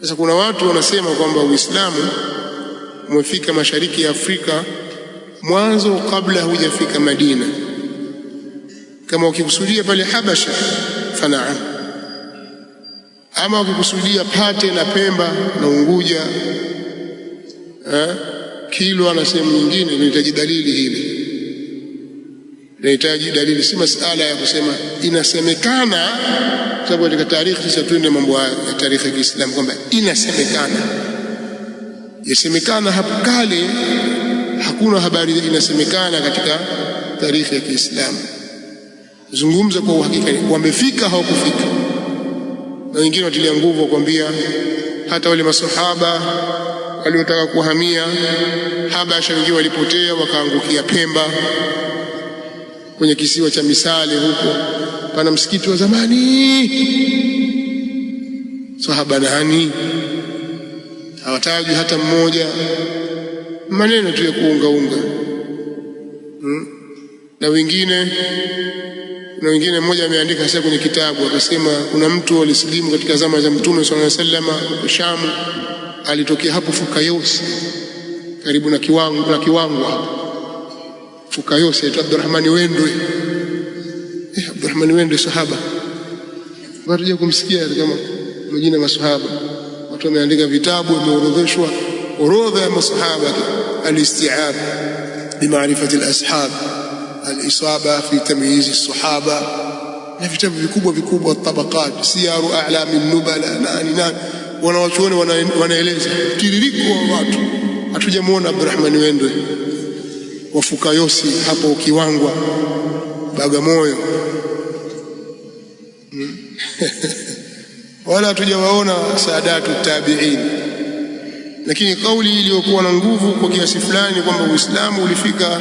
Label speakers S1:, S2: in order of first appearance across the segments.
S1: Sasa kuna watu wanasema kwamba Uislamu umefika mashariki ya Afrika mwanzo kabla hujafika Madina. Kama wakikusudia pale Habasha fanaa, ama wakikusudia Pate na Pemba na Unguja eh, Kilwa na sehemu nyingine, linahitaji dalili hili inahitaji dalili, si masala ya kusema inasemekana. Sababu katika tarikhi sisi tuende mambo ya tarikhi ya Kiislamu kwamba inasemekana, yasemekana. Hapo kale hakuna habari inasemekana katika tarikhi ya Kiislamu. Zungumza kwa uhakika, wamefika hawakufika. Na wengine watilia nguvu wakwambia, hata wale masahaba waliotaka kuhamia Habasha, wengine walipotea wakaangukia Pemba kwenye kisiwa cha Misale huko pana msikiti wa zamani, sahaba nani Hawataji hata mmoja, maneno tu ya kuungaunga hmm? na wengine na wengine, mmoja ameandika sasa kwenye kitabu akasema, kuna mtu alisilimu katika zama za Mtume sallallahu alaihi wasallam Shamu, alitokea hapo Fukayosi karibu na kiwango na kiwango hapo fuka yose aitwa Abdurrahmani Wendwe eh, Abdurrahmani Wendwe sahaba, watuja kumsikia kama majina masahaba. Watu wameandika vitabu, wameorodheshwa orodha ya masahaba, alistiab bimaarifati alashab, alisaba fi tamyizi sahaba, na vitabu vikubwa vikubwa, tabaqat, siyaru min nubala, nani nani, wanawachuoni wanaeleza tiririko wa watu. Hatujamwona Abdurrahmani Wendwe wa Fukayosi hapo Ukiwangwa, Bagamoyo hmm. wala hatujawaona saadatu tabiini, lakini kauli iliyokuwa na nguvu kwa kiasi fulani kwamba Uislamu ulifika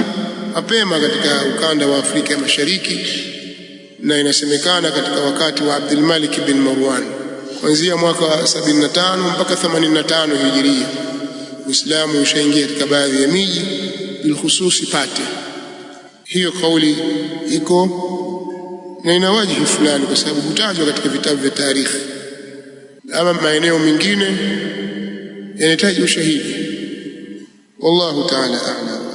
S1: mapema katika ukanda wa Afrika ya Mashariki, na inasemekana katika wakati wa abdul malik bin Marwan kuanzia mwaka 75 mpaka 85 hijiria, Uislamu ushaingia katika baadhi ya miji bilkhusus pate hiyo kauli iko na ina wajihi fulani, kwa sababu hutajwa katika vitabu vya tarikhi ama maeneo mengine yanahitaji ushahidi. Wallahu taala a'lam.